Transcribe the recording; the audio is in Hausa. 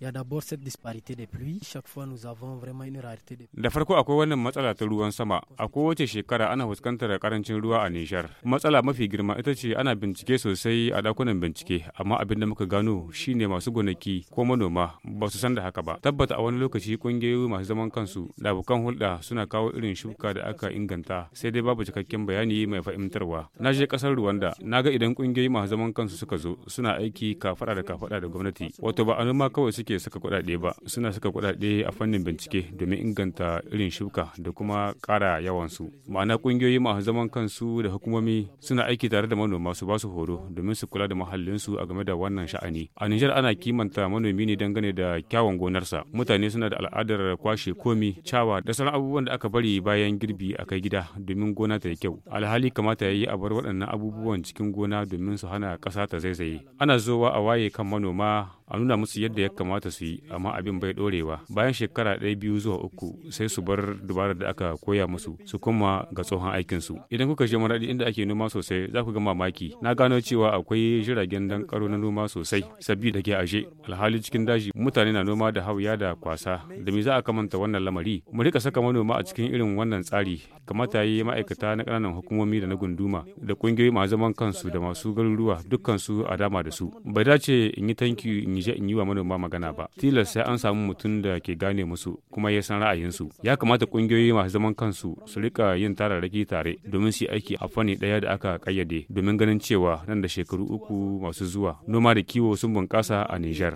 Il y a d'abord cette disparité des pluies. Chaque fois, nous avons vraiment une rareté de Da farko akwai wannan matsala ta ruwan sama. A kowace shekara ana fuskantar karancin ruwa a Nijar. Matsala mafi girma ita ce ana bincike sosai a dakunan bincike, amma abin da muka gano shine masu gonaki ko manoma ba su san da haka ba. Tabbata a wani lokaci kungiyoyi masu zaman kansu da abokan hulɗa suna kawo irin shuka da aka inganta, sai dai babu cikakken bayani mai fahimtarwa. Na je ƙasar Rwanda, na ga idan kungiyoyi masu zaman kansu suka zo, suna aiki kafada da kafada da gwamnati. Wato ba a noma kawai suke suke saka kuɗaɗe ba suna saka kuɗaɗe a fannin bincike domin inganta irin shuka da kuma kara ƙara su ma'ana ƙungiyoyi masu zaman kansu da hukumomi suna aiki tare da manoma su ba su horo domin su kula da su a game da wannan sha'ani a nijar ana kimanta manomi ne dangane da kyawun gonarsa mutane suna da al'adar kwashe komi cawa da sauran abubuwan da aka bari bayan girbi a kai gida domin gona ta yi kyau alhali kamata ya yi a bar waɗannan abubuwan cikin gona domin su hana ƙasa ta zaizaye ana zowa a waye kan manoma a nuna musu yadda ya kamata kamata su yi amma abin bai dorewa bayan shekara ɗaya biyu zuwa uku sai su bar dubarar da aka koya musu su kuma ga tsohon aikin su idan kuka je maradi inda ake noma sosai za ku ga mamaki na gano cewa akwai jiragen dan karo na noma sosai sabbi da ke aje alhali cikin daji mutane na noma da hauya da kwasa da me za a kamanta wannan lamari mu rika saka manoma a cikin irin wannan tsari kamata yi ma'aikata na ƙananan hukumomi da na gunduma da ƙungiyoyi masu zaman kansu da masu garuruwa dukkansu a dama da su bai dace in yi tanki in yi in yi wa manoma magana magana ba tilas sai an samu mutum da ke gane musu kuma ya san ra'ayinsu ya kamata kungiyoyi masu zaman kansu su rika yin tararraki tare domin su aiki a fanni daya da aka kayyade domin ganin cewa nan da shekaru uku masu zuwa noma da kiwo sun bunƙasa a Nijar.